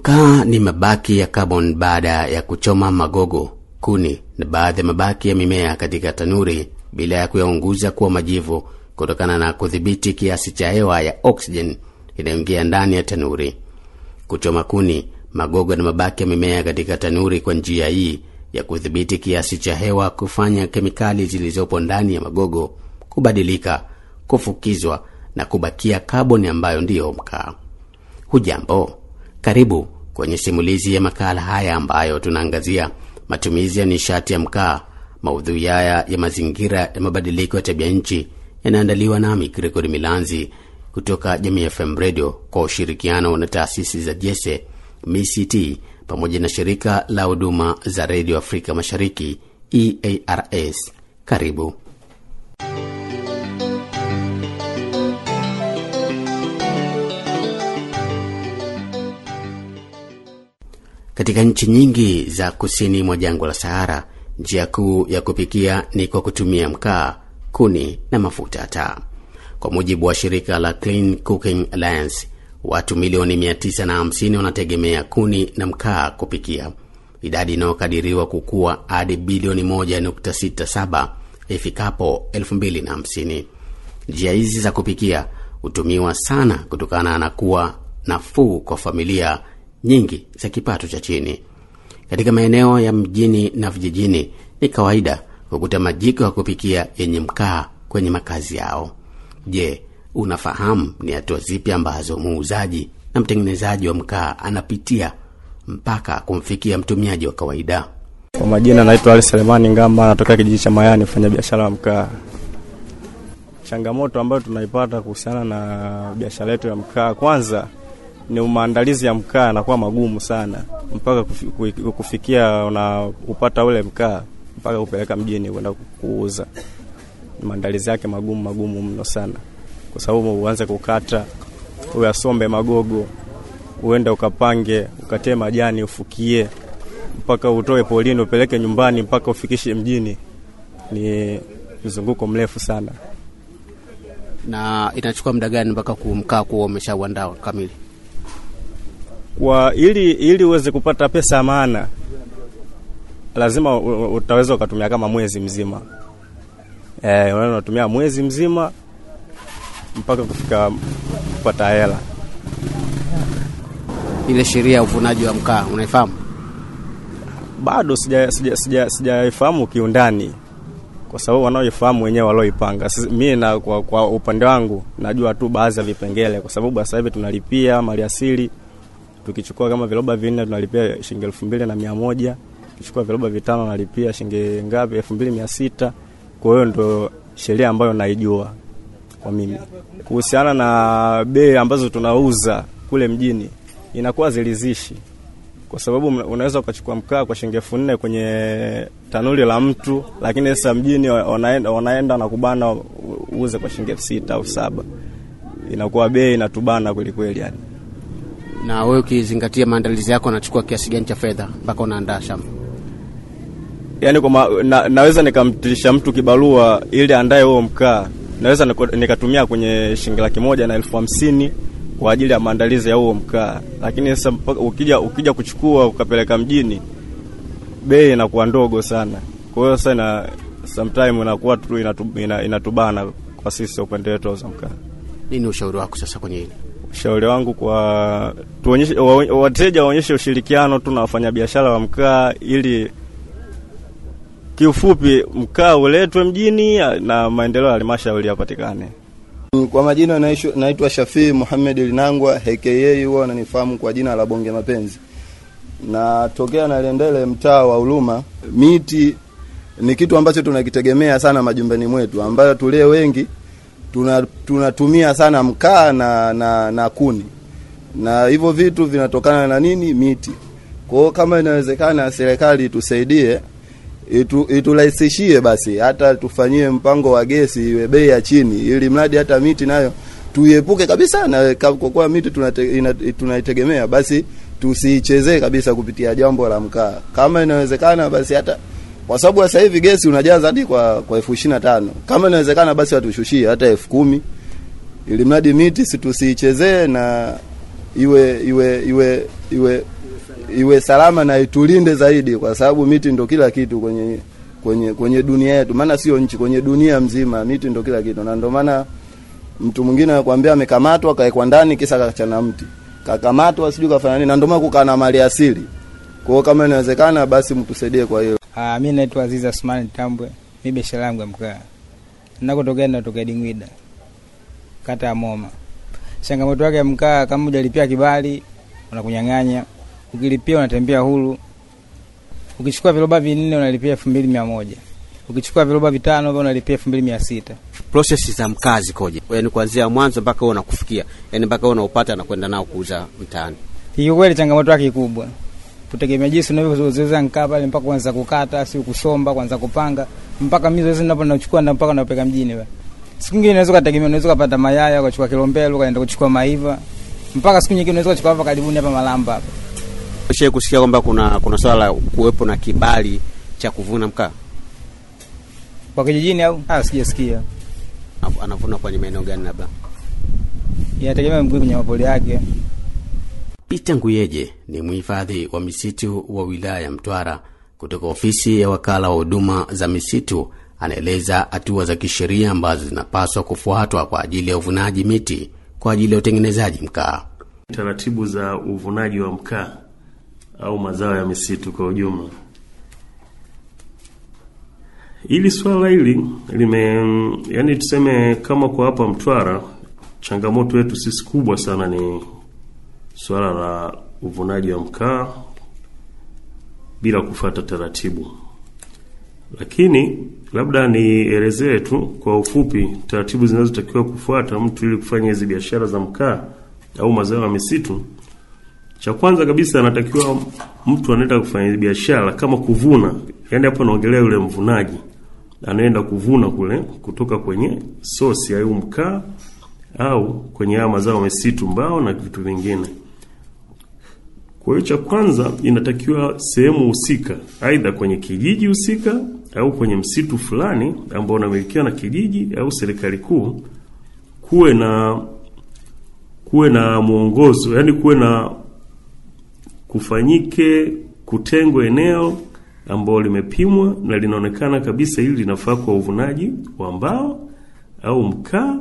Mkaa ni mabaki ya carbon baada ya kuchoma magogo, kuni na baadhi ya mabaki ya mimea katika tanuri bila ya kuyaunguza kuwa majivu kutokana na kudhibiti kiasi cha hewa ya oxygen inayoingia ndani ya tanuri. Kuchoma kuni, magogo na mabaki ya mimea katika tanuri kwa njia hii ya kudhibiti kiasi cha hewa kufanya kemikali zilizopo ndani ya magogo kubadilika, kufukizwa na kubakia kaboni ambayo ndiyo mkaa. Hujambo, karibu kwenye simulizi ya makala haya ambayo tunaangazia matumizi ya nishati ya mkaa, maudhui haya ya mazingira ya mabadiliko ya tabia nchi yanaandaliwa nami Gregori Milanzi kutoka Jamii FM Radio kwa ushirikiano na taasisi za Jese MCT pamoja na shirika la huduma za redio Afrika Mashariki EARS. Karibu. Katika nchi nyingi za kusini mwa jangwa la Sahara, njia kuu ya kupikia ni kwa kutumia mkaa, kuni na mafuta ya Kwa mujibu wa shirika la Clean Cooking Alliance, watu milioni 950 wanategemea kuni na mkaa kupikia, idadi inayokadiriwa kukua hadi bilioni 1.67 ifikapo 2050. Njia hizi za kupikia hutumiwa sana kutokana na kuwa nafuu kwa familia nyingi za kipato cha chini. Katika maeneo ya mjini na vijijini, ni kawaida kukuta majiko ya kupikia yenye mkaa kwenye makazi yao. Je, unafahamu ni hatua zipi ambazo muuzaji na mtengenezaji wa mkaa anapitia mpaka kumfikia mtumiaji wa kawaida? Kwa majina naitwa Ali Selemani Ngamba, natokea kijiji cha Mayani, fanya biashara wa mkaa. Changamoto ambayo tunaipata kuhusiana na biashara yetu ya mkaa, kwanza ni maandalizi ya mkaa yanakuwa magumu sana mpaka kufikia unaupata ule mkaa mpaka kupeleka mjini kwenda kuuza. Maandalizi yake magumu magumu mno sana, kwa sababu uanze kukata, uyasombe magogo, uende ukapange, ukatie majani, ufukie mpaka utoe polini, upeleke nyumbani, mpaka ufikishe mjini. Ni mzunguko mrefu sana. Na inachukua muda gani mpaka kumkaa kuwa umeshauandaa kamili? kwa ili ili uweze kupata pesa maana lazima utaweza ukatumia kama mwezi mzima eh, unatumia mwezi mzima mpaka kufika kupata hela. Ile sheria ya uvunaji wa mkaa unaifahamu? Bado sijaifahamu sija, sija, sija kiundani, kwa sababu wanaoifahamu wenyewe walioipanga. Mi na kwa, kwa upande wangu najua tu baadhi ya vipengele, kwa sababu sasa hivi tunalipia asili Tukichukua kama viroba vinne tunalipia shilingi elfu mbili na mia moja tukichukua viroba vitano nalipia shilingi ngapi? elfu mbili mia sita Kwa hiyo ndo sheria ambayo naijua kwa mimi. Kuhusiana na bei ambazo tunauza kule mjini, inakuwa zilizishi kwa sababu unaweza ukachukua mkaa kwa shilingi elfu nne kwenye tanuli la mtu, lakini sasa mjini wanaenda, wanaenda na kubana uuze kwa shilingi elfu sita au saba. Inakuwa bei inatubana kwelikweli yani na wewe ukizingatia maandalizi yako, anachukua kiasi gani cha fedha mpaka unaandaa shamba? Yani kwa ma, na, naweza nikamtilisha mtu kibarua ili andae huo mkaa, naweza nikatumia kwenye shilingi laki moja na elfu hamsini kwa ajili ya maandalizi ya huo mkaa, lakini sasa ukija, ukija kuchukua ukapeleka mjini bei inakuwa ndogo sana. Kwa hiyo sasa samtim inakuwa tu inatubana kwa sisi upande wetu mkaa. Nini ushauri wako sasa kwenye hili? ushauri wangu kwa tuonyeshe, wateja waonyeshe ushirikiano tu na wafanyabiashara wa mkaa ili kiufupi mkaa uletwe mjini na maendeleo ya halmashauri yapatikane. Kwa majina naitwa Shafii Muhamed Linangwa aka huwa wananifahamu kwa jina la Bonge Mapenzi, natokea Nalendele, mtaa wa Uluma. Miti ni kitu ambacho tunakitegemea sana majumbani mwetu, ambayo tulio wengi tunatumia tuna sana mkaa na, na, na kuni na hivyo vitu vinatokana na nini? Miti. Kwa hiyo kama inawezekana, serikali itusaidie itu, iturahisishie basi, hata tufanyie mpango wa gesi iwe bei ya chini, ili mradi hata miti nayo tuiepuke kabisa, na kwa kuwa miti tunaitegemea, basi tusiichezee kabisa kupitia jambo la mkaa. Kama inawezekana, basi hata kwa sababu sasa hivi gesi unajaza hadi kwa kwa elfu ishirini na tano kama inawezekana basi watushushie hata elfu kumi ili mradi miti situsiichezee na iwe iwe iwe iwe iwe salama na itulinde zaidi, kwa sababu miti ndo kila kitu kwenye kwenye kwenye dunia yetu, maana sio nchi, kwenye dunia mzima miti ndo kila kitu, na ndio maana mtu mwingine anakuambia amekamatwa kaekwa ndani kisa kakachana mti, kakamatwa sijui kafanya nini, na ndio maana kukaa na mali asili. Kwa kama inawezekana, basi mtusaidie kwa hiyo. Ah, mimi naitwa Aziza Asmani Tambwe. Mimi biashara yangu ya mkaa. Ninakotokea ninatokea Dingwida. Kata ya Moma. Changamoto yake ya mkaa kama hujalipia kibali unakunyang'anya. Ukilipia unatembea huru. Ukichukua viroba vinne unalipia elfu mbili mia moja. Ukichukua viroba vitano hivyo unalipia elfu mbili mia sita. Process za mkaa zikoje? Yaani kuanzia mwanzo mpaka wewe unakufikia. Yaani mpaka wewe unaupata na kwenda nao kuuza mtaani. Hiyo kweli changamoto yake kubwa kutegemea jinsi unavyozoeza nkaa pale mpaka kuanza kukata, si kusomba, kuanza kupanga mpaka mimi zoezi ninapo nachukua na mpaka napeka mjini bwana. Siku nyingine unaweza kutegemea, unaweza kupata mayaya ukachukua kilombelo ukaenda kuchukua maiva mpaka siku nyingine unaweza kuchukua hapa karibuni hapa Malamba hapa. Ushe kusikia kwamba kuna kuna swala la kuwepo na kibali cha kuvuna mkaa kwa kijijini au? Ah, sijasikia. Anavuna kwenye maeneo gani labda? Inategemea mguu kwenye mapoli yake. Peter Nguyeje ni mhifadhi wa misitu wa wilaya ya Mtwara kutoka ofisi ya wakala wa huduma za misitu anaeleza hatua za kisheria ambazo zinapaswa kufuatwa kwa ajili ya uvunaji miti kwa ajili ya utengenezaji mkaa. Taratibu za uvunaji wa mkaa au mazao ya misitu kwa ujumla. Ili swala hili lime, yani tuseme kama kwa hapa Mtwara, changamoto yetu sisi kubwa sana ni swala la uvunaji wa mkaa bila kufata taratibu. Lakini labda nielezee tu kwa ufupi taratibu zinazotakiwa kufuata mtu ili kufanya hizi biashara za mkaa au mazao ya misitu. Cha kwanza kabisa, anatakiwa mtu anaenda kufanya biashara kama kuvuna, yaani hapo naongelea yule mvunaji anaenda kuvuna kule kutoka kwenye sosi au mkaa au kwenye haya mazao misitu, mbao na vitu vingine. Kwa hiyo cha kwanza, inatakiwa sehemu husika, aidha kwenye kijiji husika au kwenye msitu fulani ambao unamilikiwa na kijiji au serikali kuu, kuwe na kuwe na mwongozo, yaani kuwe na kufanyike kutengwa eneo ambalo limepimwa na linaonekana kabisa hili linafaa kwa uvunaji wa mbao au mkaa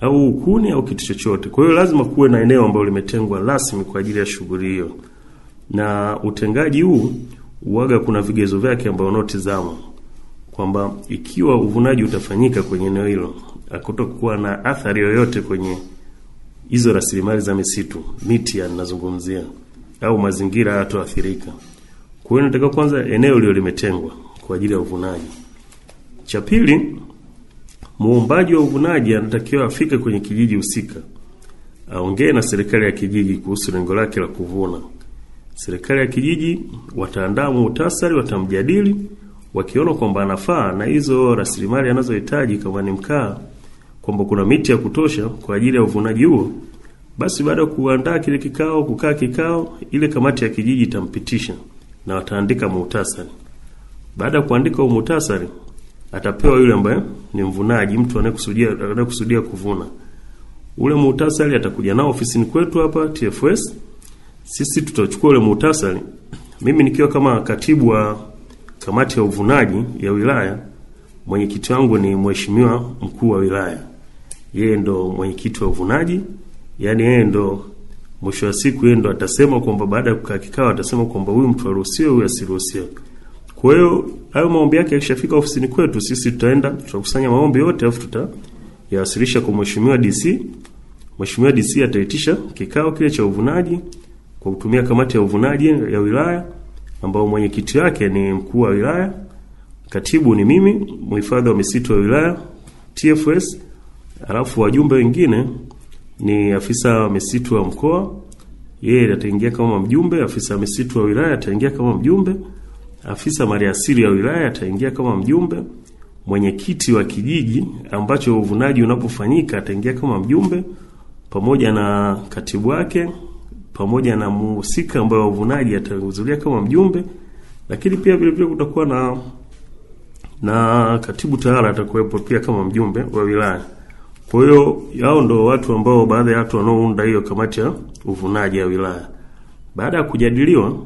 au ukuni au kitu chochote. Kwa hiyo lazima kuwe na eneo ambalo limetengwa rasmi kwa ajili ya shughuli hiyo, na utengaji huu uwaga kuna vigezo vyake ambao unaotizama kwamba ikiwa uvunaji utafanyika kwenye eneo hilo akutokuwa na athari yoyote kwenye hizo rasilimali za misitu, miti yanazungumzia au mazingira yatoathirika. Kwa hiyo nataka kwanza eneo lilo limetengwa kwa ajili ya uvunaji. Cha pili Muombaji wa uvunaji anatakiwa afike kwenye kijiji husika, aongee na serikali ya kijiji kuhusu lengo lake la kuvuna. Serikali ya kijiji wataandaa muhtasari, watamjadili, wakiona kwamba anafaa na hizo rasilimali anazohitaji, kama ni mkaa, kwamba kuna miti ya kutosha kwa ajili ya uvunaji huo, basi baada ya kuandaa kile kikao, kukaa kikao, ile kamati ya kijiji itampitisha na wataandika muhtasari. Baada ya kuandika muhtasari atapewa yule ambaye ni mvunaji, mtu anayekusudia anayekusudia kuvuna. Ule muhtasari atakuja nao ofisini kwetu hapa TFS. Sisi tutachukua ule muhtasari, mimi nikiwa kama katibu wa kamati ya uvunaji ya wilaya, mwenyekiti wangu ni mheshimiwa mkuu wa wilaya, yeye ndo mwenyekiti wa uvunaji, yani yeye ndo mwisho wa siku, yeye ndo atasema kwamba baada ya kukaa kikao, atasema kwamba huyu mtu aruhusiwe, huyu asiruhusiwe. Kwa hiyo hayo maombi yake yakishafika ofisini kwetu sisi tutaenda tutakusanya maombi yote alafu tutayawasilisha kwa mheshimiwa DC. Mheshimiwa DC ataitisha kikao kile cha uvunaji kwa kutumia kamati ya uvunaji ya wilaya ambao mwenyekiti wake ni mkuu wa wilaya, katibu ni mimi, mhifadhi wa misitu wa wilaya, TFS, alafu wajumbe wengine ni afisa wa misitu wa mkoa, yeye ataingia kama mjumbe, afisa wa misitu wa wilaya ataingia kama mjumbe afisa maliasili ya wilaya ataingia kama mjumbe, mwenyekiti wa kijiji ambacho uvunaji unapofanyika ataingia kama mjumbe, pamoja na katibu wake, pamoja na mhusika ambaye wa uvunaji atahudhuria kama mjumbe. Lakini pia vile vile kutakuwa na na katibu tawala atakuwepo pia kama mjumbe wa wilaya. Kwa hiyo hao ndio watu ambao baadhi ya watu wanaounda hiyo kamati ya uvunaji ya wilaya. Baada ya kujadiliwa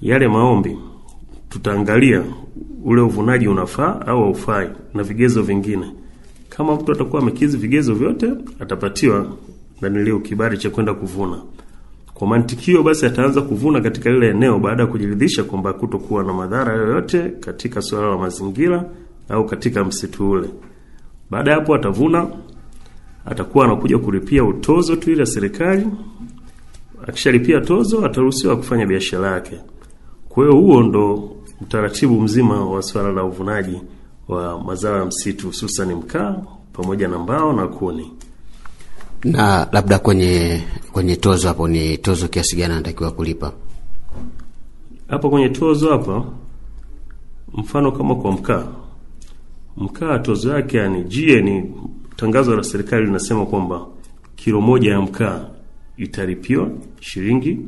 yale maombi tutaangalia ule uvunaji unafaa au haufai na vigezo vingine. Kama mtu atakuwa amekizi vigezo vyote, atapatiwa nanilio kibari cha kwenda kuvuna. Kwa mantikio basi, ataanza kuvuna katika lile eneo baada ya kujiridhisha kwamba kutokuwa na madhara yoyote katika suala la mazingira au katika msitu ule. Baada ya hapo, atavuna atakuwa anakuja kulipia utozo tu ile serikali. Akishalipia tozo, ataruhusiwa kufanya biashara yake. Kwa hiyo huo ndo utaratibu mzima wa swala la uvunaji wa mazao ya msitu hususan mkaa pamoja na mbao na kuni. Na labda kwenye kwenye tozo hapo, ni tozo kiasi gani anatakiwa kulipa hapo kwenye tozo hapa? Mfano kama kwa mkaa, mkaa tozo yake yani jie ni tangazo la serikali linasema kwamba kilo moja ya mkaa italipiwa shilingi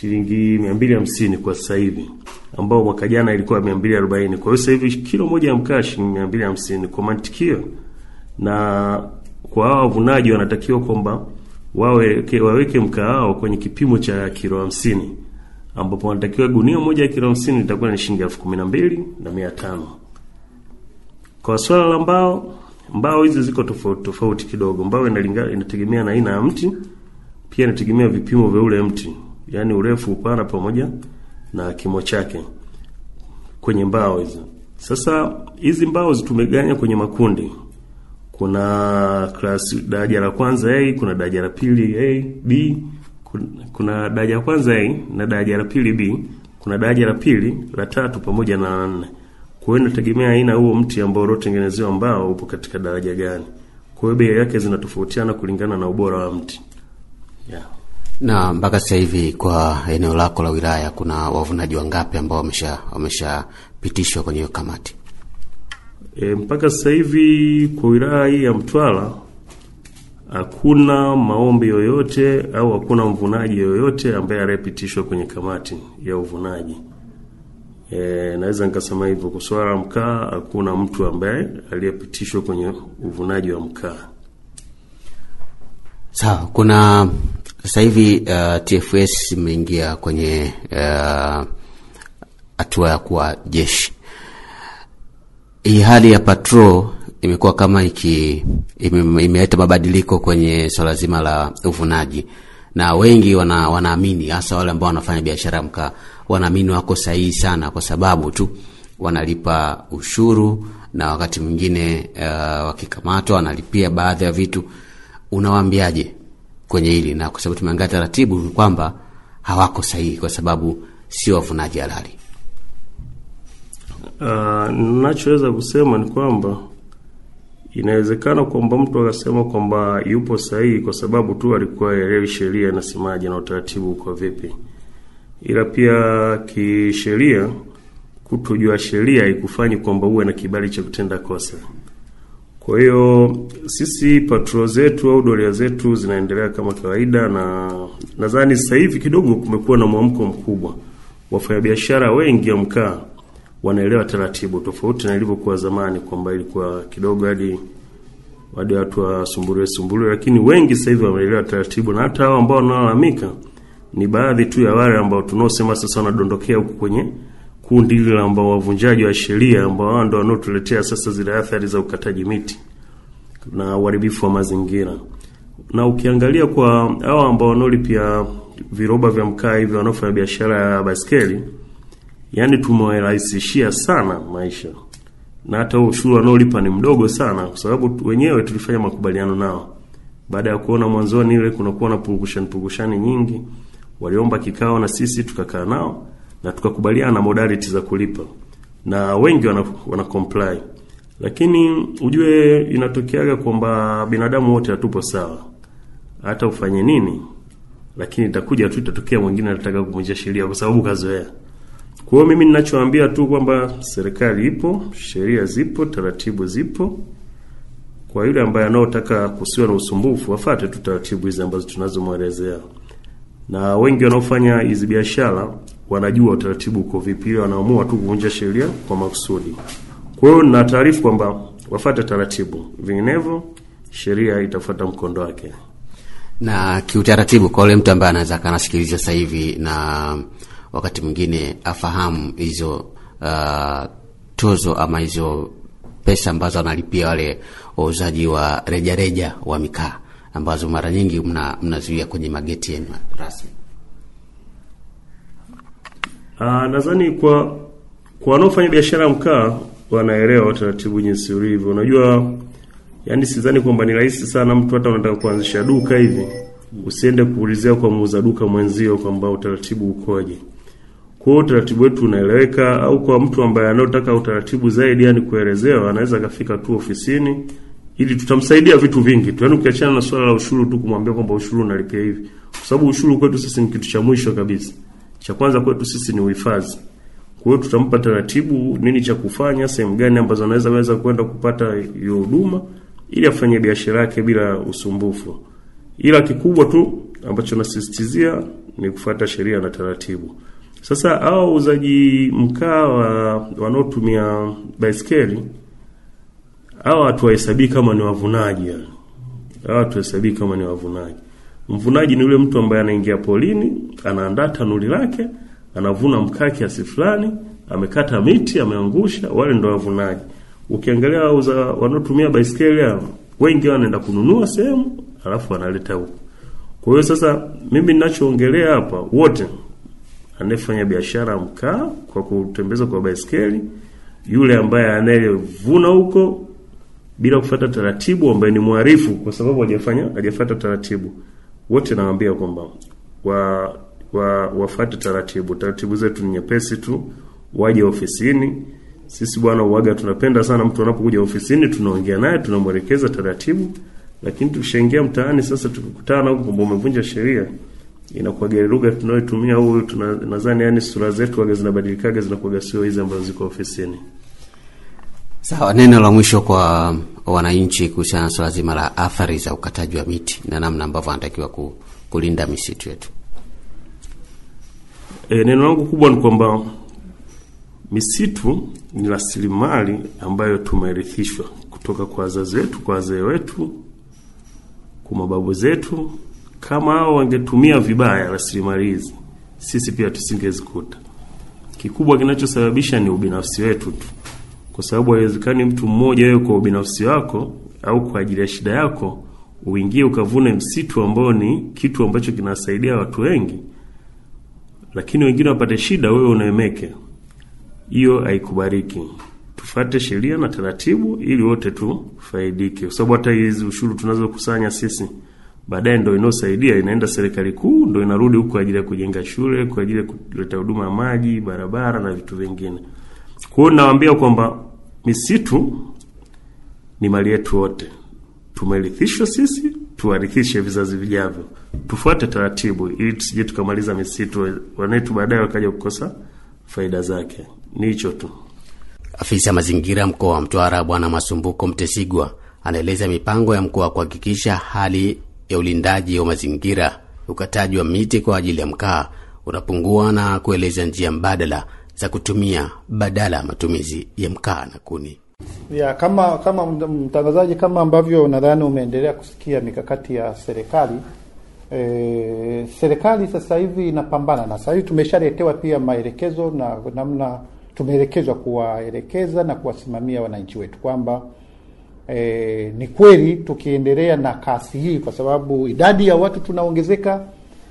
shilingi 250 kwa sasa hivi, ambao mwaka jana ilikuwa 240. Kwa hiyo sasa hivi kilo moja ya mkaa shilingi 250 kwa mantikio, na kwa hao wavunaji wanatakiwa kwamba waweke, waweke mkaa wao kwenye kipimo cha kilo 50 ambapo wanatakiwa gunia moja ya kilo 50 litakuwa ni shilingi elfu na mbili Kwa swala la mbao, mbao hizi ziko tofauti tofauti kidogo. Mbao inategemea na aina ya mti, pia inategemea vipimo vya ule mti yani urefu, upana pamoja na kimo chake kwenye mbao hizo. Sasa hizi mbao zitumeganya kwenye makundi, kuna class daraja la kwanza A, kuna daraja la pili A, B, kuna daraja la kwanza A na daraja la pili B, kuna daraja la pili, la tatu pamoja na la nne. Kwa hiyo inategemea aina huo mti ambao uliotengenezewa mbao upo katika daraja gani. Kwa hiyo bei yake zinatofautiana kulingana na ubora wa mti yeah. Na mpaka sasa hivi kwa eneo lako la wilaya kuna wavunaji wangapi ambao wameshapitishwa kwenye hiyo kamati? E, mpaka sasa hivi kwa wilaya hii ya Mtwara hakuna maombi yoyote au hakuna mvunaji yoyote ambaye aliyepitishwa kwenye kamati ya uvunaji. E, naweza nikasema hivyo kwa swala la mkaa, hakuna mtu ambaye aliyepitishwa kwenye uvunaji wa mkaa. Sawa, kuna sasa hivi uh, TFS imeingia kwenye uh, hatua uh, ya kuwa jeshi. Hii hali ya patrol imekuwa kama iki imeleta mabadiliko kwenye swala zima la uvunaji, na wengi wana, wanaamini hasa wale ambao wanafanya biashara mkaa wanaamini wako sahihi sana, kwa sababu tu wanalipa ushuru na wakati mwingine uh, wakikamatwa wanalipia baadhi ya vitu. Unawaambiaje kwenye hili, na kwa sababu tumeangalia taratibu ni kwamba hawako sahihi, kwa sababu sio wavunaji halali. Uh, kusema ni kwamba inawezekana kwamba mtu akasema kwamba yupo sahihi kwa sababu tu alikuwa elewi sheria inasemaje na utaratibu uko vipi, ila pia kisheria, kutojua sheria haikufanyi kwamba uwe na kibali cha kutenda kosa. Kwa hiyo sisi patrol zetu au doria zetu zinaendelea kama kawaida, na nadhani sasa hivi kidogo kumekuwa na mwamko mkubwa. Wafanyabiashara wengi wa mkaa wanaelewa taratibu, tofauti na ilivyokuwa zamani, kwamba ilikuwa kidogo hadi hadi watu wasumbuliwe sumbuliwe, lakini wengi sasa hivi wameelewa taratibu, na hata hao ambao wanaolalamika ni baadhi tu ya wale ambao tunaosema sasa wanadondokea huku kwenye kundi hili la ambao wavunjaji wa sheria ambao wao ndo wanaotuletea sasa zile athari za ukataji miti na uharibifu wa mazingira. Na ukiangalia kwa hao ambao wanaolipia viroba vya mkaa hivyo wanaofanya biashara ya baiskeli, yani tumewarahisishia sana maisha, na hata ushuru wanaolipa ni mdogo sana, kwa sababu wenyewe tulifanya makubaliano nao baada ya kuona mwanzoni ile kunakuwa na purukushani purukushani nyingi, waliomba kikao na sisi tukakaa nao na tukakubaliana na modality za kulipa, na wengi wana, wana comply, lakini ujue inatokeaga kwamba binadamu wote hatupo sawa, hata ufanye nini, lakini itakuja tu, itatokea mwingine anataka kuvunja sheria kwa sababu kazoea. Kwa mimi ninachoambia tu kwamba serikali ipo, sheria zipo, taratibu zipo. Kwa yule ambaye anaotaka kusiwa na usumbufu, afate tu taratibu hizi ambazo tunazomwelezea na wengi wanaofanya hizi biashara wanajua utaratibu uko vipi, wanaamua tu kuvunja sheria kwa makusudi. Kwa hiyo na taarifu kwamba wafuate taratibu, vinginevyo sheria itafuata mkondo wake. Na kiutaratibu, kwa yule mtu ambaye anaweza kanasikiliza sasa hivi na wakati mwingine afahamu hizo uh, tozo ama hizo pesa ambazo analipia wale wauzaji wa rejareja wa mikaa ambazo mara nyingi mnazuia mna kwenye mageti yenu rasmi? Ah, nadhani kwa kwa wanaofanya biashara mkaa wanaelewa utaratibu jinsi ulivyo. Unajua, yani sidhani kwamba ni rahisi sana mtu hata unataka kuanzisha duka hivi usiende kuulizia kwa muuza duka mwenzio kwamba utaratibu ukoje. Kwa hiyo utaratibu wetu unaeleweka, au kwa mtu ambaye anayotaka utaratibu zaidi, yani kuelezewa, anaweza akafika tu ofisini ili tutamsaidia vitu vingi tu, yaani ukiachana na swala la ushuru tu, kumwambia kwamba ushuru unalipia hivi, kwa sababu ushuru kwetu sisi ni kitu cha mwisho kabisa. Cha kwanza kwetu sisi ni uhifadhi. Kwa hiyo tutampa taratibu nini cha kufanya, sehemu gani ambazo anaweza weza kwenda kupata hiyo huduma, ili afanye biashara yake bila usumbufu. Ila kikubwa tu ambacho nasisitizia ni kufuata sheria na taratibu. Sasa hao wauzaji mkaa wanaotumia baiskeli hawa hatuwahesabii kama ni wavunaji yani. Hawa hatuwahesabii kama ni wavunaji. Mvunaji ni yule mtu ambaye anaingia polini, anaandaa tanuri lake, anavuna mkaa kiasi fulani, amekata miti, ameangusha, wale ndio wavunaji. Ukiangalia wauza wanaotumia baiskeli wengi wanaenda kununua sehemu alafu wanaleta huko. Kwa hiyo sasa mimi ninachoongelea hapa wote anayefanya biashara mkaa kwa kutembeza kwa baiskeli yule ambaye anayevuna huko bila kufata taratibu, ambaye ni mwarifu kwa sababu hajafanya hajafata taratibu. Wote nawaambia kwamba wa, wa wafuate taratibu. Taratibu zetu ni nyepesi tu, waje ofisini. Sisi bwana uwaga tunapenda sana mtu anapokuja ofisini, tunaongea naye, tunamwelekeza taratibu, lakini tushaingia mtaani sasa, tukikutana huko kwamba umevunja sheria inakuwa gari lugha tunayotumia huyu, tunadhani yani sura zetu waga zinabadilikaga zinakuwaga sio hizi ambazo ziko ofisini. Sawa, neno la mwisho kwa wananchi kuhusiana na swala zima la athari za ukataji wa miti na namna ambavyo wanatakiwa ku, kulinda misitu yetu. E, neno langu kubwa ni kwamba misitu ni rasilimali ambayo tumerithishwa kutoka kwa wazazi wetu, kwa wazee wetu, kwa mababu zetu. Kama hao wangetumia vibaya rasilimali hizi, sisi pia tusingezikuta. Kikubwa kinachosababisha ni ubinafsi wetu tu kwa sababu haiwezekani mtu mmoja wewe kwa ubinafsi wako au kwa ajili ya shida yako uingie ukavune msitu ambao ni kitu ambacho kinasaidia watu wengi, lakini wengine wapate shida, wewe unaemeke. Hiyo haikubariki. Tufate sheria na taratibu ili wote tufaidike, kwa sababu hata hizi ushuru tunazokusanya sisi baadaye ndo inosaidia inaenda serikali kuu, ndo inarudi huko kwa ajili ya kujenga shule, kwa ajili ya kuleta huduma ya maji, barabara na vitu vingine. Kwa hiyo nawaambia kwamba misitu ni mali yetu wote, tumerithishwa sisi, tuwarithishe vizazi vijavyo, tufuate taratibu ili tusije tukamaliza misitu, wanetu baadaye wakaja kukosa faida zake. Ni hicho tu. Afisa mazingira mkoa wa Mtwara Bwana Masumbuko Mtesigwa anaeleza mipango ya mkoa kuhakikisha hali ya ulindaji wa mazingira, ukataji wa miti kwa ajili ya mkaa unapungua na kueleza njia mbadala za kutumia badala ya matumizi ya mkaa na kuni. Ya, kama kama mtangazaji, kama ambavyo nadhani umeendelea kusikia mikakati ya serikali e, serikali sasa hivi inapambana na sasa hivi tumeshaletewa pia maelekezo na namna tumeelekezwa kuwaelekeza na kuwasimamia wananchi wetu kwamba e, ni kweli tukiendelea na kasi hii, kwa sababu idadi ya watu tunaongezeka,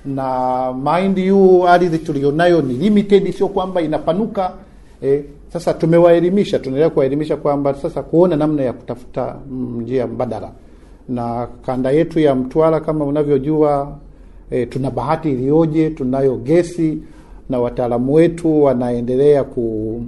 na mind you, ardhi tulionayo ni limited, sio kwamba inapanuka eh. Sasa tumewaelimisha, tunaendelea kuwaelimisha kwamba sasa kuona namna ya kutafuta mm, njia mbadala, na kanda yetu ya Mtwara kama unavyojua eh, tuna bahati iliyoje, tunayo gesi na wataalamu wetu wanaendelea ku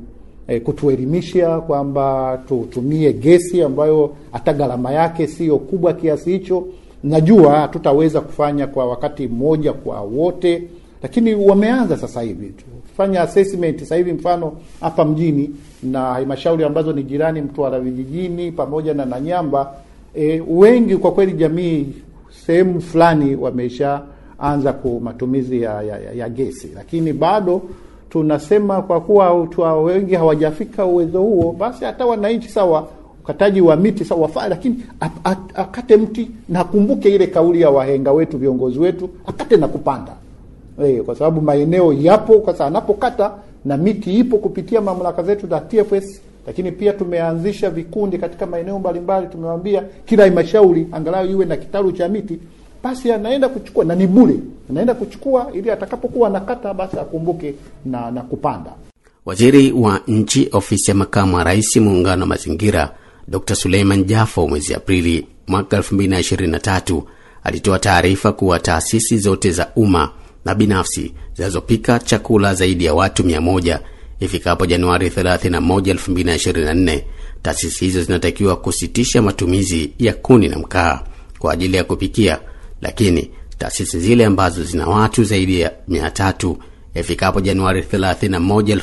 E, kutuelimisha kwamba tutumie gesi ambayo hata gharama yake siyo kubwa kiasi hicho najua hatutaweza kufanya kwa wakati mmoja kwa wote, lakini wameanza sasa hivi fanya assessment sasa hivi, mfano hapa mjini na halmashauri ambazo ni jirani, Mtwara vijijini pamoja na Nanyamba. E, wengi kwa kweli jamii sehemu fulani wameshaanza ku matumizi ya, ya, ya, ya gesi, lakini bado tunasema kwa kuwa watu wengi hawajafika uwezo huo, basi hata wananchi sawa ukataji wa miti sawa wafaa, lakini akate mti na akumbuke ile kauli ya wahenga wetu, viongozi wetu, akate na kupanda e, kwa sababu maeneo yapo kwa sababu anapokata na miti ipo kupitia mamlaka zetu za TFS, lakini pia tumeanzisha vikundi katika maeneo mbalimbali. Tumewambia kila halmashauri angalau iwe na kitalu cha miti, basi anaenda kuchukua na ni bure, anaenda kuchukua ili atakapokuwa anakata basi akumbuke na, na kupanda. Waziri wa Nchi, Ofisi ya Makamu wa Rais, Muungano wa Mazingira Dr Suleiman Jafo mwezi Aprili mwaka 2023 alitoa taarifa kuwa taasisi zote za umma na binafsi zinazopika chakula zaidi ya watu 100 ifikapo Januari 31, 2024 taasisi hizo zinatakiwa kusitisha matumizi ya kuni na mkaa kwa ajili ya kupikia, lakini taasisi zile ambazo zina watu zaidi ya 300 ifikapo Januari 31,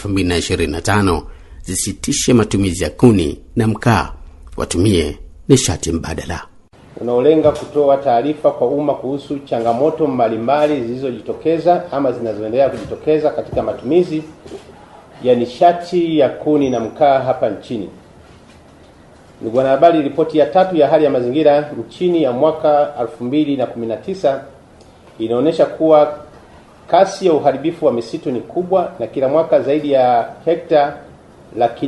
2025 zisitishe matumizi ya kuni na mkaa watumie nishati mbadala unaolenga kutoa taarifa kwa umma kuhusu changamoto mbalimbali zilizojitokeza ama zinazoendelea kujitokeza katika matumizi ya nishati ya kuni na mkaa hapa nchini. Ndugu wanahabari, ripoti ya tatu ya hali ya mazingira nchini ya mwaka 2019 inaonyesha kuwa kasi ya uharibifu wa misitu ni kubwa na kila mwaka zaidi ya hekta laki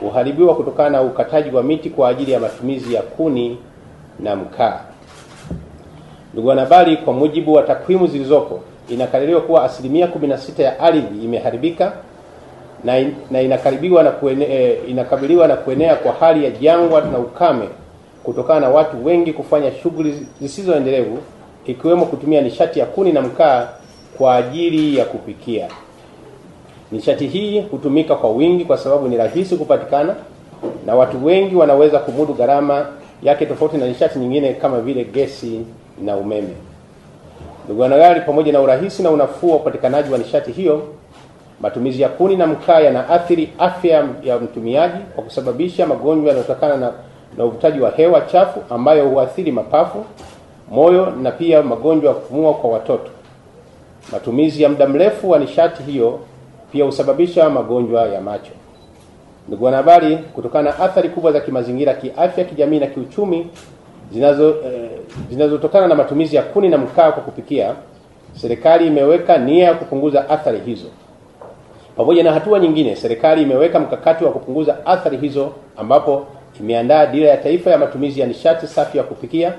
huharibiwa kutokana na ukataji wa miti kwa ajili ya matumizi ya kuni na mkaa. Ndugu wanahabari, kwa mujibu wa takwimu zilizopo inakadiriwa kuwa asilimia 16 ya ardhi imeharibika na, in, na inakaribiwa na kuene, e, inakabiliwa na kuenea kwa hali ya jangwa na ukame kutokana na watu wengi kufanya shughuli zisizoendelevu ikiwemo kutumia nishati ya kuni na mkaa kwa ajili ya kupikia. Nishati hii hutumika kwa wingi kwa sababu ni rahisi kupatikana na watu wengi wanaweza kumudu gharama yake, tofauti na nishati nyingine kama vile gesi na umeme. Ndugu pamoja na urahisi na unafuu wa upatikanaji wa nishati hiyo, matumizi ya kuni na mkaa yanaathiri afya ya mtumiaji kwa kusababisha magonjwa yanayotokana na, na uvutaji wa hewa chafu ambayo huathiri mapafu, moyo na pia magonjwa ya kupumua kwa watoto. Matumizi ya muda mrefu wa nishati hiyo pia husababisha magonjwa ya macho. Ndugu wanahabari, kutokana na athari kubwa za kimazingira, kiafya, kijamii na kiuchumi zinazo eh, zinazotokana na matumizi ya kuni na mkaa kwa kupikia, serikali imeweka nia ya kupunguza athari hizo. Pamoja na hatua nyingine, serikali imeweka mkakati wa kupunguza athari hizo, ambapo imeandaa dira ya taifa ya matumizi ya nishati safi ya kupikia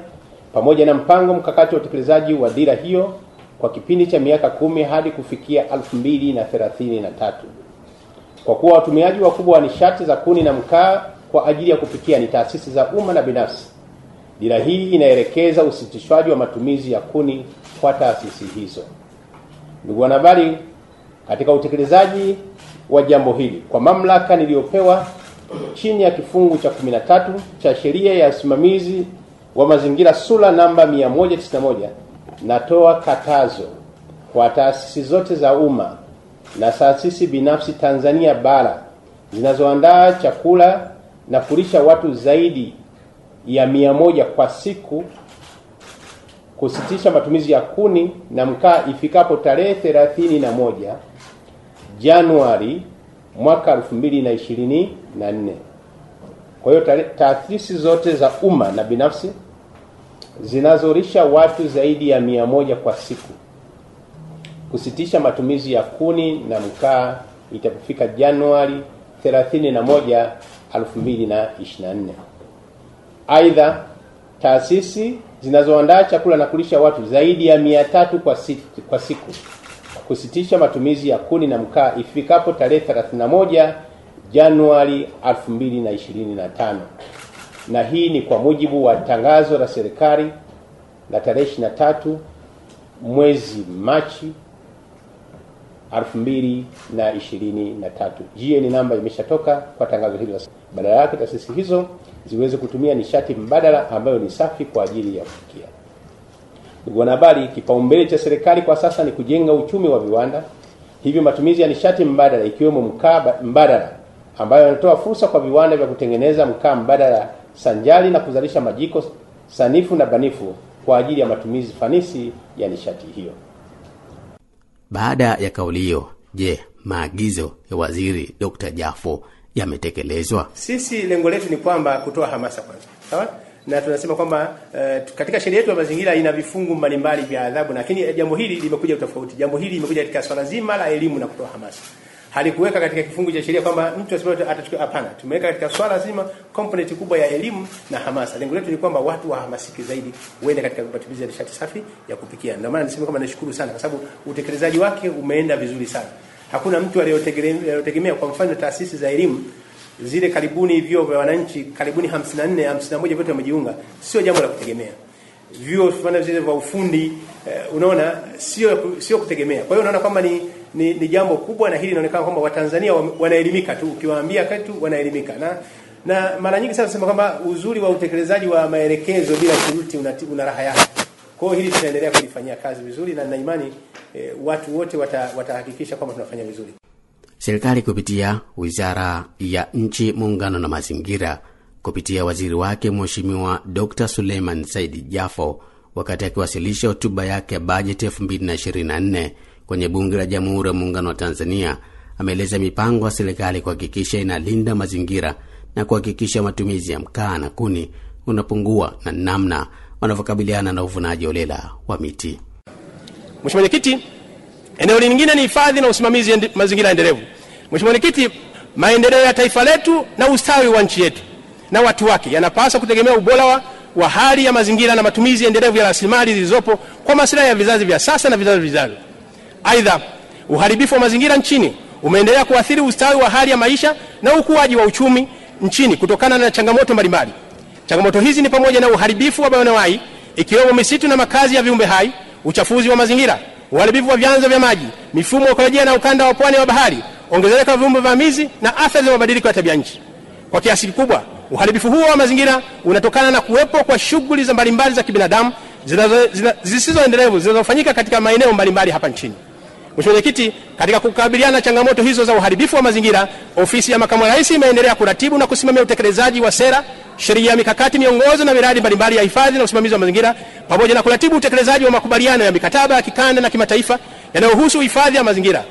pamoja na mpango mkakati wa utekelezaji wa dira hiyo kwa kipindi cha miaka kumi hadi kufikia 2033 kwa kuwa watumiaji wakubwa wa nishati za kuni na mkaa kwa ajili ya kupikia ni taasisi za umma na binafsi. Dira hii inaelekeza usitishwaji wa matumizi ya kuni kwa taasisi hizo. Ndugu wanahabari, katika utekelezaji wa jambo hili kwa mamlaka niliyopewa chini ya kifungu cha 13 cha sheria ya usimamizi wa mazingira sura namba 191 Natoa katazo kwa taasisi zote za umma na taasisi binafsi Tanzania bara zinazoandaa chakula na kulisha watu zaidi ya mia moja kwa siku kusitisha matumizi ya kuni na mkaa ifikapo tarehe thelathini na moja Januari mwaka elfu mbili na ishirini na nne. Kwa hiyo taasisi zote za umma na binafsi zinazorisha watu zaidi ya mia moja kwa siku, kusitisha matumizi ya kuni na mkaa itapofika Januari 31, 2024. Aidha, taasisi zinazoandaa chakula na kulisha watu zaidi ya mia tatu kwa siku, kwa siku kusitisha matumizi ya kuni na mkaa ifikapo tarehe 31 Januari 2025 na hii ni kwa mujibu wa tangazo la serikali la tarehe 23 mwezi Machi 2023. GN namba imeshatoka kwa tangazo hilo, badala yake taasisi hizo ziweze kutumia nishati mbadala ambayo ni safi kwa ajili ya kufikia. Ndugu wanahabari, kipaumbele cha serikali kwa sasa ni kujenga uchumi wa viwanda, hivyo matumizi ya nishati mbadala ikiwemo mkaa mbadala ambayo yanatoa fursa kwa viwanda vya kutengeneza mkaa mbadala sanjari na kuzalisha majiko sanifu na banifu kwa ajili ya matumizi fanisi ya nishati hiyo. Baada ya kauli hiyo, je, maagizo ya Waziri Dr. Jafo yametekelezwa? Sisi lengo letu ni kwamba kutoa hamasa kwanza, sawa na tunasema kwamba uh, katika sheria yetu ya mazingira ina vifungu mbalimbali vya adhabu, lakini eh, jambo hili limekuja tofauti Jambo hili limekuja katika swala zima la elimu na kutoa hamasa halikuweka katika kifungu cha sheria kwamba mtu asipewe atachukua. Hapana, tumeweka katika swala zima component kubwa ya elimu na hamasa. Lengo letu ni kwamba watu wahamasike zaidi uende katika kupatibiza nishati safi ya kupikia. Ndio maana nisema kwamba nashukuru sana, kwa sababu utekelezaji wake umeenda vizuri sana. Hakuna mtu aliyotegemea. Kwa mfano taasisi za elimu zile karibuni, vyuo vya wananchi karibuni 54 51, vyote wamejiunga, sio jambo la kutegemea vyo vya ufundi. Uh, unaona sio sio kutegemea. Kwa hiyo unaona kwamba ni ni, ni jambo kubwa, na hili linaonekana kwamba Watanzania wanaelimika tu, ukiwaambia kitu wanaelimika na na mara nyingi sana tunasema kwamba uzuri wa utekelezaji wa maelekezo bila shuruti una raha yake. Kwa hiyo hili tunaendelea kulifanyia kazi vizuri, na nina imani e, watu wote wata, watahakikisha kwamba tunafanya vizuri. Serikali kupitia Wizara ya Nchi, Muungano na Mazingira kupitia waziri wake Mheshimiwa Dr. Suleiman Said Jafo wakati akiwasilisha hotuba yake ya bajeti 2024 kwenye bunge la Jamhuri ya Muungano wa Tanzania ameeleza mipango ya serikali kuhakikisha inalinda mazingira na kuhakikisha matumizi ya mkaa na kuni unapungua na namna wanavyokabiliana na uvunaji holela wa miti. Mheshimiwa Mwenyekiti, eneo lingine ni hifadhi na usimamizi mazingira endelevu. Mheshimiwa Mwenyekiti, maendeleo ya taifa letu na ustawi wa nchi yetu na watu wake yanapaswa kutegemea ubora wa, wa hali ya mazingira na matumizi endelevu ya rasilimali zilizopo kwa maslahi ya vizazi vya sasa na vizazi vijavyo. Aidha, uharibifu wa mazingira nchini umeendelea kuathiri ustawi wa hali ya maisha na ukuaji wa uchumi nchini kutokana na changamoto mbalimbali. Changamoto hizi ni pamoja na uharibifu wa bioanuwai ikiwemo misitu na makazi ya viumbe hai, uchafuzi wa mazingira, uharibifu wa vyanzo vya maji, mifumo ya ekolojia na ukanda wa pwani wa bahari, ongezeko la viumbe vamizi na athari za mabadiliko ya tabia nchi. Kwa kiasi kikubwa uharibifu huo wa mazingira unatokana na kuwepo kwa shughuli za mbalimbali za kibinadamu zisizoendelevu zinazofanyika katika maeneo mbalimbali hapa nchini. Mheshimiwa Mwenyekiti, katika kukabiliana changamoto hizo za uharibifu wa mazingira, ofisi ya makamu wa rais imeendelea kuratibu na kusimamia utekelezaji wa sera, sheria, mikakati, miongozo na miradi mbalimbali ya hifadhi na usimamizi wa mazingira pamoja na kuratibu utekelezaji wa makubaliano ya mikataba ya kikanda na kimataifa yanayohusu hifadhi ya mazingira.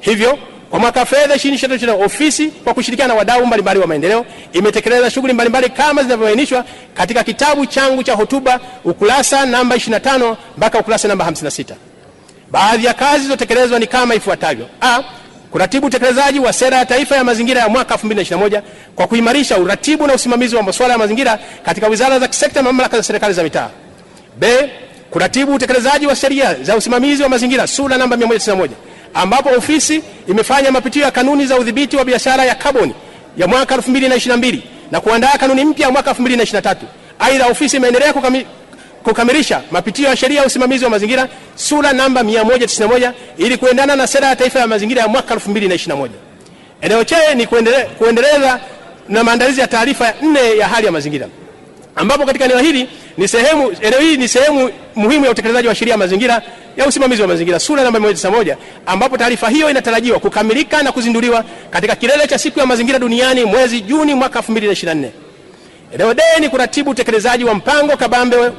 Hivyo kwa mwaka fedha 2023 ofisi kwa kushirikiana na wadau mbalimbali wa maendeleo imetekeleza shughuli mbalimbali kama zinavyoainishwa katika kitabu changu cha hotuba ukurasa namba 25 mpaka ukurasa namba 56. Baadhi ya kazi zilizotekelezwa ni kama ifuatavyo: A, kuratibu utekelezaji wa sera ya taifa ya mazingira ya mwaka 2021 kwa kuimarisha uratibu na usimamizi wa masuala ya mazingira katika wizara za kisekta na mamlaka za serikali za mitaa. B, kuratibu utekelezaji wa sheria za usimamizi wa mazingira sura namba 191 ambapo ofisi imefanya mapitio ya kanuni za udhibiti wa biashara ya kaboni ya mwaka 2022 na kuandaa kanuni mpya ya mwaka 2023. Aidha, ofisi imeendelea kukamilisha mapitio ya sheria ya usimamizi wa mazingira sura namba 191 ili kuendana na sera ya taifa ya mazingira ya mwaka 2021. Eneo che ni kuendeleza, kuendeleza na maandalizi ya taarifa ya nne ya hali ya mazingira ambapo katika eneo hili ni sehemu eneo hili ni sehemu muhimu ya utekelezaji wa sheria ya mazingira ya usimamizi wa mazingira sura namba 191 ambapo taarifa hiyo inatarajiwa kukamilika na kuzinduliwa katika kilele cha siku ya mazingira duniani mwezi Juni mwaka 2024 ni kuratibu utekelezaji wa mpango kabambe wa,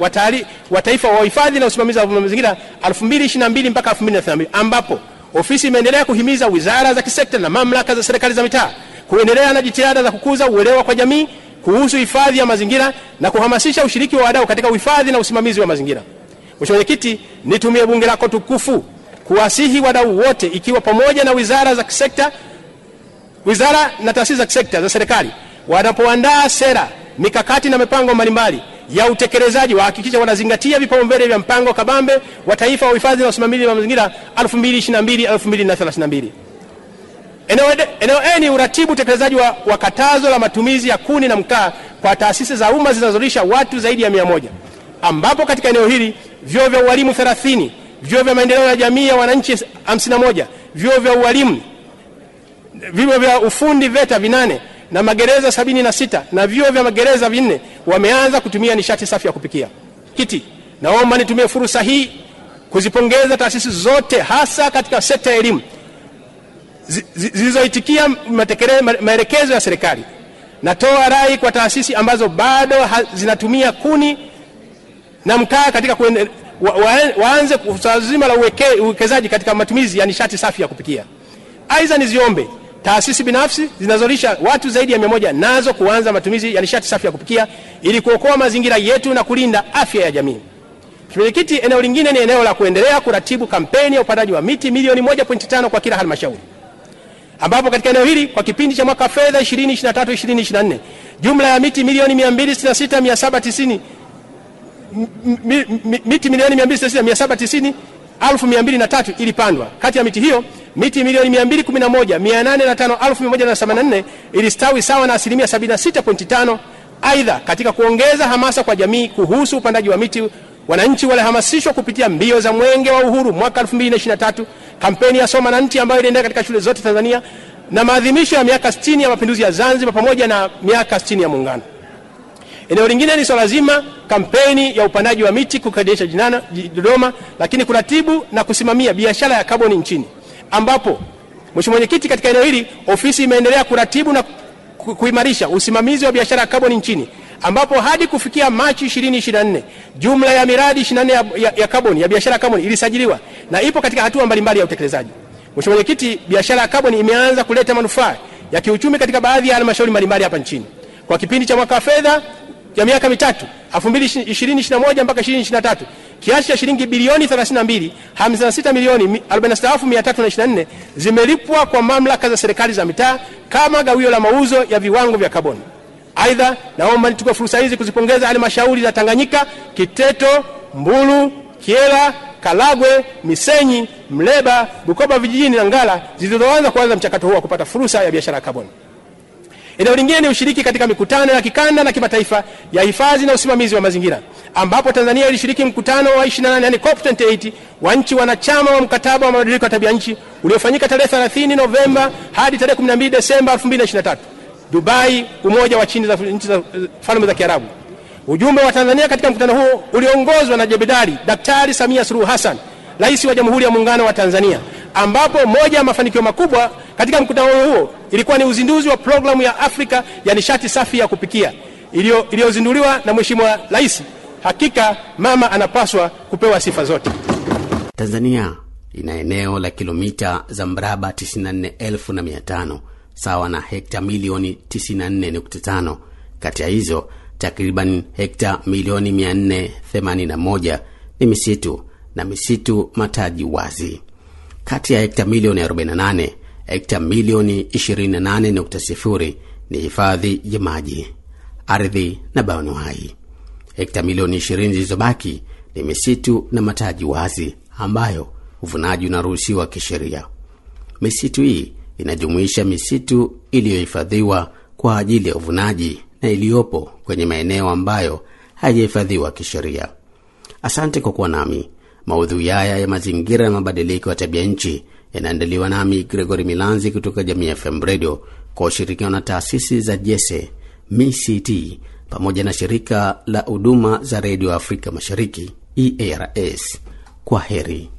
wa taifa wa uhifadhi na usimamizi wa mazingira 2022 mpaka 2032 ambapo ofisi imeendelea kuhimiza wizara za kisekta na mamlaka za serikali za mitaa kuendelea na jitihada za kukuza uelewa kwa jamii kuhusu hifadhi ya mazingira na kuhamasisha ushiriki wa wadau katika uhifadhi na usimamizi wa mazingira. Mheshimiwa Mwenyekiti, nitumie bunge lako tukufu kuwasihi wadau wote ikiwa pamoja na wizara za kisekta, wizara na taasisi za kisekta za serikali wanapoandaa sera mikakati na mipango mbalimbali ya utekelezaji wahakikisha wanazingatia vipaumbele vya mpango kabambe wa taifa wa uhifadhi na usimamizi wa mazingira 2022 2032. Eneo A e ni uratibu utekelezaji wa, wa katazo la matumizi ya kuni na mkaa kwa taasisi za umma zinazolisha watu zaidi ya mia moja ambapo katika eneo hili vyuo vya ualimu 30, vyuo vya maendeleo ya jamii ya wananchi 51, vyuo vya ualimu, vyuo vya ufundi VETA vinane na magereza sabini na sita na vyuo vya magereza vinne wameanza kutumia nishati safi ya kupikia kiti. Naomba nitumie fursa hii kuzipongeza taasisi zote hasa katika sekta ya elimu zilizoitikia maelekezo ya serikali. Natoa rai kwa taasisi ambazo bado zinatumia kuni na mkaa katika kuende, wa, wa, waanze swala zima la uwekezaji katika matumizi ya nishati safi ya kupikia. Aidha, niziombe taasisi binafsi zinazolisha watu zaidi ya mia moja nazo kuanza matumizi ya nishati safi ya kupikia ili kuokoa mazingira yetu na kulinda afya ya jamii. Mwenyekiti, eneo lingine ni eneo la kuendelea kuratibu kampeni ya upandaji wa miti milioni 1.5 kwa kila halmashauri, ambapo katika eneo hili kwa kipindi cha mwaka fedha 2023 2024 jumla ya miti milioni 266,790 miti milioni 266,790,203 ilipandwa. Kati ya miti hiyo miti milioni 211,805,184 ilistawi sawa na asilimia 76.5. Aidha, katika kuongeza hamasa kwa jamii kuhusu upandaji wa miti, wananchi walihamasishwa kupitia mbio za mwenge wa uhuru mwaka 2023, kampeni ya soma na nti ambayo iliendelea katika shule zote Tanzania na maadhimisho ya miaka 60 ya mapinduzi ya Zanzibar pamoja na miaka 60 ya Muungano. Eneo lingine ni swala zima kampeni ya upandaji wa miti kukadirisha Dodoma, lakini kuratibu na kusimamia biashara ya kaboni nchini ambapo Mheshimiwa Mwenyekiti, katika eneo hili ofisi imeendelea kuratibu na kuimarisha usimamizi wa biashara ya kaboni nchini ambapo hadi kufikia Machi 2024 jumla ya miradi 24 ya, ya, ya kaboni ya biashara ya kaboni ilisajiliwa na ipo katika hatua mbalimbali ya utekelezaji. Mheshimiwa Mwenyekiti, biashara ya kaboni imeanza kuleta manufaa ya kiuchumi katika baadhi ya halmashauri mbalimbali hapa nchini. Kwa kipindi cha mwaka wa fedha ya miaka mitatu 2021 mpaka 2023 kiasi cha shilingi bilioni 32 56 milioni 46324 zimelipwa kwa mamlaka za serikali za mitaa kama gawio la mauzo ya viwango vya kaboni. Aidha, naomba nitukue fursa hizi kuzipongeza halmashauri za Tanganyika, Kiteto, Mbulu, kiela Karagwe, Misenyi, Mleba, Bukoba vijijini na ngala zilizoanza kuanza mchakato huu wa kupata fursa ya biashara ya kaboni. Eneo lingine ni ushiriki katika mikutano ya kikanda na kimataifa ya hifadhi na usimamizi wa mazingira, ambapo Tanzania ilishiriki mkutano wa 28 yani COP 28 wa nchi wanachama wa mkataba wa mabadiliko ya tabia nchi uliofanyika tarehe 30 Novemba hadi tarehe 12 Desemba 2023 Dubai, Umoja wa Chini za nchi za eh, Falme za Kiarabu. Ujumbe wa Tanzania katika mkutano huo uliongozwa na Jemedari Daktari Samia Suluhu Hassan, Rais wa Jamhuri ya Muungano wa Tanzania, ambapo moja ya mafanikio makubwa katika mkutano huo ilikuwa ni uzinduzi wa programu ya Afrika ya nishati safi ya kupikia iliyozinduliwa na Mheshimiwa Rais. Hakika mama anapaswa kupewa sifa zote. Tanzania ina eneo la kilomita za mraba 94,500 sawa na hekta milioni 94.5. Kati ya hizo takriban hekta milioni 481 ni misitu na misitu mataji wazi. Kati ya hekta milioni 48 hekta milioni 28.0 ni hifadhi ya maji, ardhi na bioanuwai. Hekta milioni 20 zilizobaki ni misitu na mataji wazi ambayo uvunaji unaruhusiwa kisheria. Misitu hii inajumuisha misitu iliyohifadhiwa kwa ajili ya uvunaji na iliyopo kwenye maeneo ambayo haijahifadhiwa kisheria. Asante kwa kuwa nami. Maudhui haya ya mazingira na mabadiliko ya tabia nchi yanaandaliwa nami Gregory Milanzi kutoka Jamii FM Radio kwa ushirikiano na taasisi za Jese MCT pamoja na shirika la huduma za redio Afrika Mashariki EARS. Kwa heri.